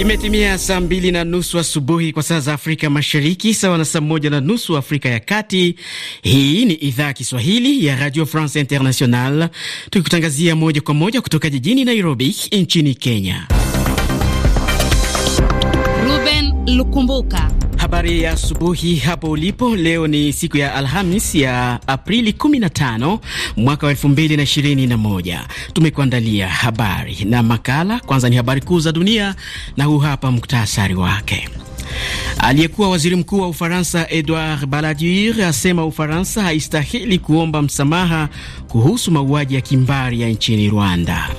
Imetimia saa mbili na nusu asubuhi kwa saa za Afrika Mashariki, sawa na saa moja na nusu Afrika ya Kati. Hii ni idhaa ya Kiswahili ya Radio France International, tukikutangazia moja kwa moja kutoka jijini Nairobi nchini Kenya. Ruben Lukumbuka Habari ya asubuhi hapo ulipo. Leo ni siku ya Alhamis ya Aprili 15 mwaka wa 2021. Tumekuandalia habari na makala. Kwanza ni habari kuu za dunia na huu hapa muktasari wake. Aliyekuwa waziri mkuu wa Ufaransa Edouard Balladur asema Ufaransa haistahili kuomba msamaha kuhusu mauaji ya kimbari ya nchini Rwanda.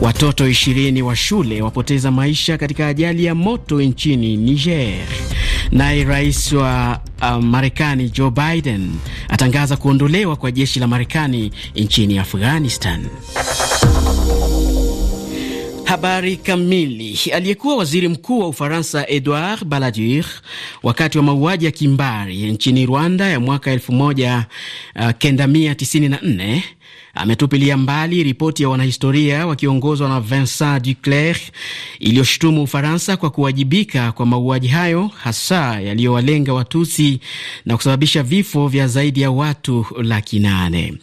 Watoto 20 wa shule wapoteza maisha katika ajali ya moto nchini Niger. Naye rais wa uh, Marekani Joe Biden atangaza kuondolewa kwa jeshi la Marekani nchini Afghanistan. Habari kamili. Aliyekuwa waziri mkuu wa Ufaransa Edouard Balladur wakati wa mauaji ya kimbari nchini Rwanda ya mwaka 1994 ametupilia mbali ripoti ya wanahistoria wakiongozwa na Vincent Duclerc iliyoshutumu Ufaransa kwa kuwajibika kwa mauaji hayo hasa yaliyowalenga Watusi na kusababisha vifo vya zaidi ya watu laki nane.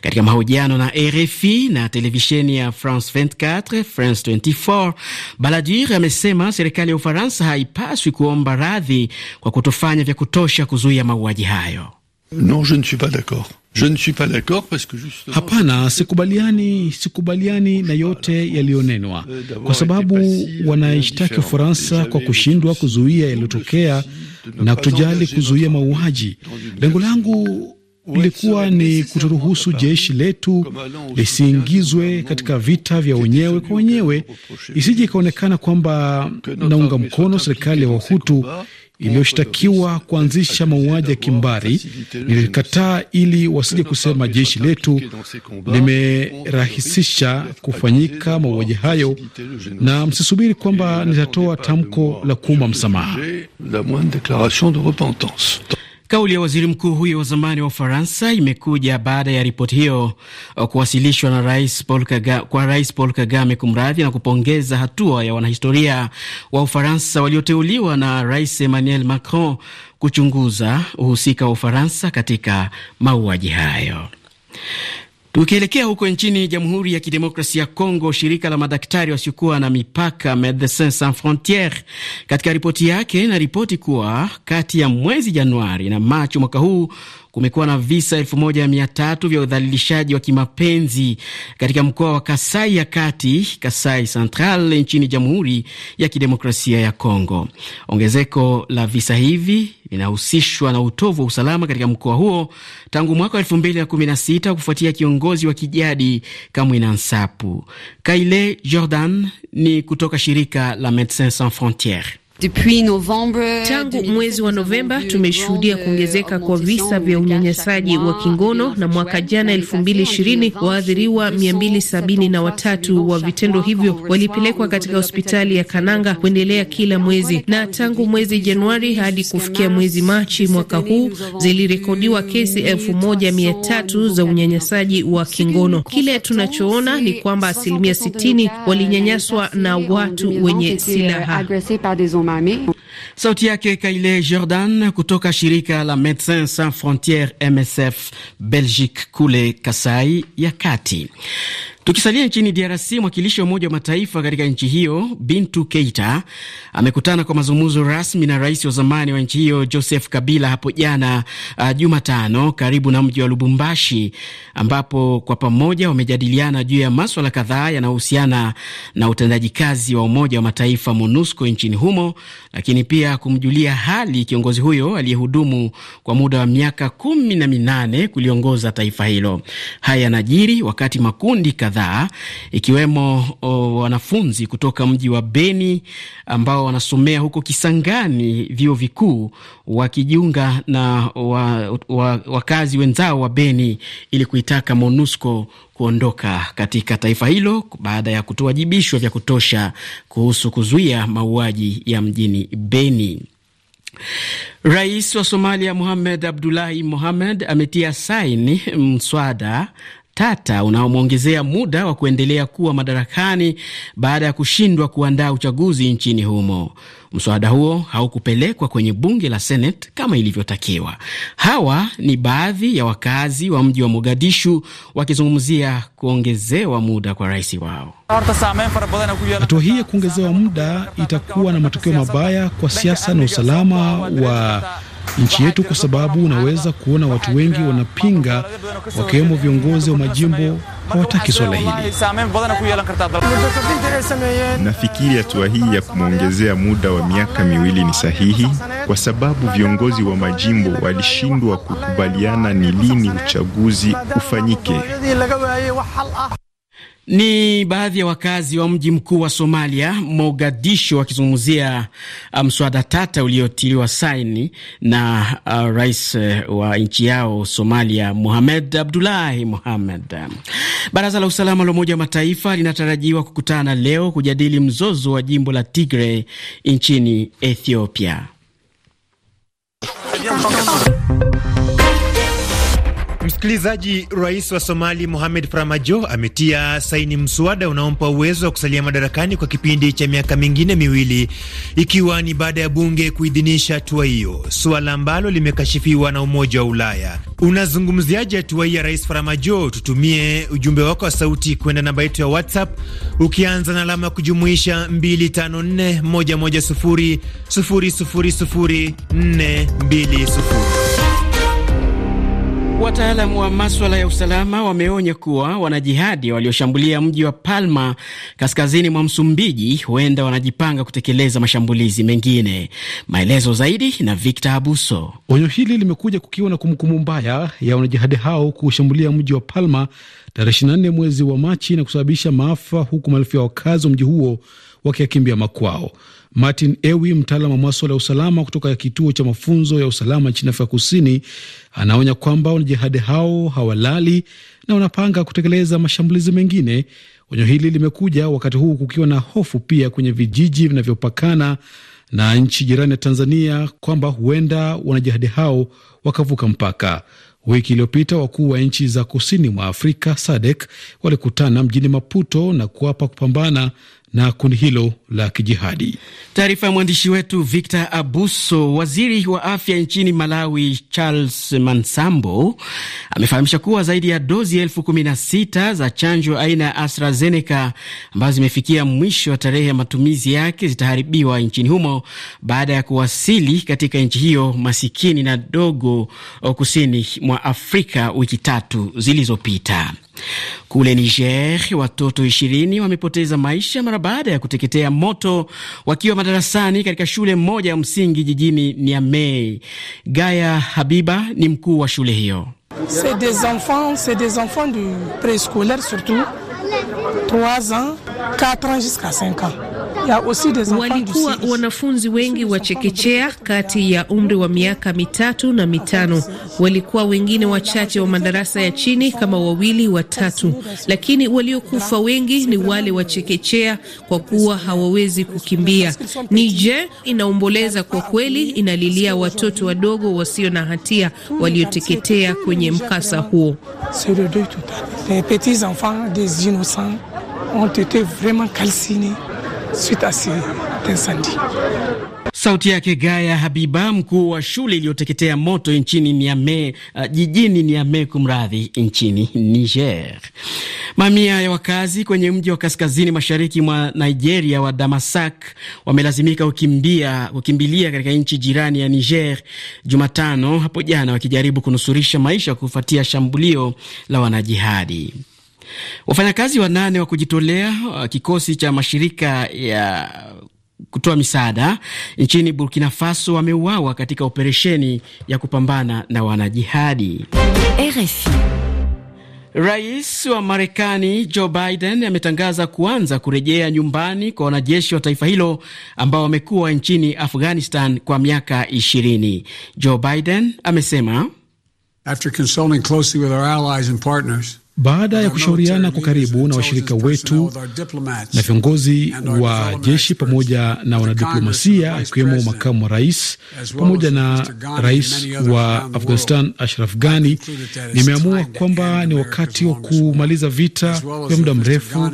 Katika mahojiano na RFI na televisheni ya France 24, France 24, baladur amesema serikali ya Ufaransa haipaswi kuomba radhi kwa kutofanya vya kutosha kuzuia mauaji hayo. Non, je ne suis pas d'accord. Je ne suis pas d'accord parce que justement... Hapana, sikubaliani, sikubaliani na yote yaliyonenwa euh, kwa sababu wanaishtaki Ufaransa kwa kushindwa kuzuia yaliyotokea na kutojali kuzuia mauaji. Lengo langu lilikuwa ni kutoruhusu jeshi letu lisiingizwe katika vita vya wenyewe kwa wenyewe, isije ikaonekana kwamba naunga mkono serikali ya Wahutu iliyoshtakiwa kuanzisha mauaji ya kimbari. Nilikataa ili wasije kusema jeshi letu limerahisisha kufanyika mauaji hayo, na msisubiri kwamba nitatoa tamko la kuomba msamaha. Kauli ya waziri mkuu huyo wa zamani wa Ufaransa imekuja baada ya ripoti hiyo kuwasilishwa na rais Paul Kagame, kwa rais Paul Kagame kumradhi, na kupongeza hatua ya wanahistoria wa Ufaransa walioteuliwa na rais Emmanuel Macron kuchunguza uhusika wa Ufaransa katika mauaji hayo. Tukielekea huko nchini Jamhuri ya Kidemokrasia ya Kongo, shirika la madaktari wasiokuwa na mipaka Medecins Sans Frontieres katika ripoti yake inaripoti kuwa kati ya mwezi Januari na Machi mwaka huu kumekuwa na visa tatu vya udhalilishaji wa kimapenzi katika mkoa wa Kasai ya Kati, Kasai Central nchini Jamhuri ya Kidemokrasia ya Kongo. Ongezeko la visa hivi linahusishwa na utovu wa usalama katika mkoa huo tangu mwaka sita kufuatia kiongozi wa kijadi Kamwina Nsapu. Kaile Jordan ni kutoka shirika la Medecins Sans Frontieres. Tangu mwezi wa Novemba tumeshuhudia kuongezeka kwa visa vya unyanyasaji wa kingono, na mwaka jana 2020 waathiriwa 273 wa vitendo hivyo walipelekwa katika hospitali ya Kananga kuendelea kila mwezi, na tangu mwezi Januari hadi kufikia mwezi Machi mwaka huu zilirekodiwa kesi 1300 za unyanyasaji wa kingono. Kile tunachoona ni kwamba asilimia 60 walinyanyaswa na watu wenye silaha. Omami. Sauti Kaile Jordan kutoka shirika la médecin Sans frontières MSF Belgique Koulé, Kasai Yakati. Tukisalia nchini DRC, mwakilishi wa Umoja wa Mataifa katika nchi hiyo Bintu Keita amekutana kwa mazungumzo rasmi na rais wa zamani wa nchi hiyo Joseph Kabila hapo jana uh, Jumatano karibu na mji wa Lubumbashi, ambapo kwa pamoja wamejadiliana juu ya maswala kadhaa yanayohusiana na utendaji kazi wa Umoja wa Mataifa MONUSCO nchini humo, lakini pia kumjulia hali kiongozi huyo aliyehudumu kwa muda wa miaka kumi na minane kuliongoza taifa hilo. Haya yanajiri wakati makundi kadhaa kadhaa ikiwemo o, wanafunzi kutoka mji wa Beni ambao wanasomea huko Kisangani vyuo vikuu wakijiunga na wakazi wa, wakazi wenzao wa Beni ili kuitaka MONUSCO kuondoka katika taifa hilo baada ya kutowajibishwa vya kutosha kuhusu kuzuia mauaji ya mjini Beni. Rais wa Somalia Mohamed Abdullahi Mohamed ametia saini mswada tata unaomwongezea muda wa kuendelea kuwa madarakani baada ya kushindwa kuandaa uchaguzi nchini humo. Mswada huo haukupelekwa kwenye bunge la Senate kama ilivyotakiwa. Hawa ni baadhi ya wakazi wa mji wa Mogadishu wakizungumzia kuongezewa muda kwa rais wao. Hatua hii ya kuongezewa muda itakuwa na matokeo mabaya kwa siasa na usalama wa nchi yetu, kwa sababu unaweza kuona watu wengi wanapinga, wakiwemo viongozi wa majimbo hawataki swala hili. Nafikiri hatua hii ya kumwongezea muda wa miaka miwili ni sahihi, kwa sababu viongozi wa majimbo walishindwa kukubaliana ni lini uchaguzi ufanyike. Ni baadhi ya wakazi wa mji mkuu wa Somalia, Mogadishu, wakizungumzia uh, mswada tata uliotiliwa saini na uh, rais uh, wa nchi yao Somalia, Muhamed Abdullahi Muhamed. Baraza la usalama la Umoja wa Mataifa linatarajiwa kukutana leo kujadili mzozo wa jimbo la tigre nchini Ethiopia. Msikilizaji, rais wa Somali Mohamed Farmajo ametia saini mswada unaompa uwezo wa kusalia madarakani kwa kipindi cha miaka mingine miwili, ikiwa ni baada ya bunge kuidhinisha hatua hiyo, suala ambalo limekashifiwa na Umoja wa Ulaya. Unazungumziaje hatua hii ya rais Farmajo? Tutumie ujumbe wako wa sauti kwenda namba yetu ya WhatsApp ukianza na alama ya kujumuisha 254110000420. Wataalamu wa maswala ya usalama wameonya kuwa wanajihadi walioshambulia mji wa Palma kaskazini mwa Msumbiji huenda wanajipanga kutekeleza mashambulizi mengine. Maelezo zaidi na Victor Abuso. Onyo hili limekuja kukiwa na kumbukumbu mbaya ya wanajihadi hao kuushambulia mji wa Palma tarehe 24 mwezi wa Machi na kusababisha maafa, huku maelfu ya wakazi wa mji huo wakiakimbia makwao. Martin Ewi, mtaalam wa maswala ya usalama kutoka kituo cha mafunzo ya usalama nchini Afrika Kusini, anaonya kwamba wanajihadi hao hawalali na wanapanga kutekeleza mashambulizi mengine. Onyo hili limekuja wakati huu kukiwa na hofu pia kwenye vijiji vinavyopakana na nchi jirani ya Tanzania kwamba huenda wanajihadi hao wakavuka mpaka. Wiki iliyopita wakuu wa nchi za kusini mwa Afrika SADC walikutana mjini Maputo na kuapa kupambana na kundi hilo la kijihadi. Taarifa ya mwandishi wetu Victor Abuso. Waziri wa afya nchini Malawi Charles Mansambo amefahamisha kuwa zaidi ya dozi elfu kumi na sita za chanjo aina ya AstraZeneca ambazo zimefikia mwisho wa tarehe ya matumizi yake zitaharibiwa nchini humo baada ya kuwasili katika nchi hiyo masikini na dogo oh, kusini mwa Afrika wiki tatu zilizopita. Kule Niger watoto ishirini wamepoteza maisha mara baada ya kuteketea moto wakiwa madarasani katika shule moja ya msingi jijini Niamey. Gaya Habiba ni mkuu wa shule hiyo. Walikuwa wanafunzi wengi wa chekechea kati ya umri wa miaka mitatu na mitano. Walikuwa wengine wachache wa madarasa ya chini kama wawili watatu, lakini waliokufa wengi ni wale wa chekechea kwa kuwa hawawezi kukimbia. Niger inaomboleza kwa kweli, inalilia watoto wadogo wasio na hatia walioteketea kwenye mkasa huo. ont été vraiment calcinés suite à ces incendies. Sauti yake Gaya Habiba, mkuu wa shule iliyoteketea moto nchini Niamey, uh, jijini Niamey, kumradhi, nchini Niger. Mamia ya wakazi kwenye mji wa kaskazini mashariki mwa Nigeria wa Damasak wamelazimika kukimbia kukimbilia katika nchi jirani ya Niger Jumatano hapo jana, wakijaribu kunusurisha maisha kufuatia shambulio la wanajihadi. Wafanyakazi wanane wa kujitolea uh, kikosi cha mashirika ya kutoa misaada nchini Burkina Faso wameuawa katika operesheni ya kupambana na wanajihadi. RFI. Rais wa Marekani Joe Biden ametangaza kuanza kurejea nyumbani kwa wanajeshi wa taifa hilo ambao wamekuwa nchini Afghanistan kwa miaka ishirini. Joe Biden amesema After consulting closely with our allies and partners baada ya kushauriana kwa karibu na washirika wetu na viongozi wa jeshi pamoja na wanadiplomasia akiwemo makamu wa rais pamoja na rais wa Afghanistan Ashraf Ghani, nimeamua kwamba ni wakati wa kumaliza vita vya muda mrefu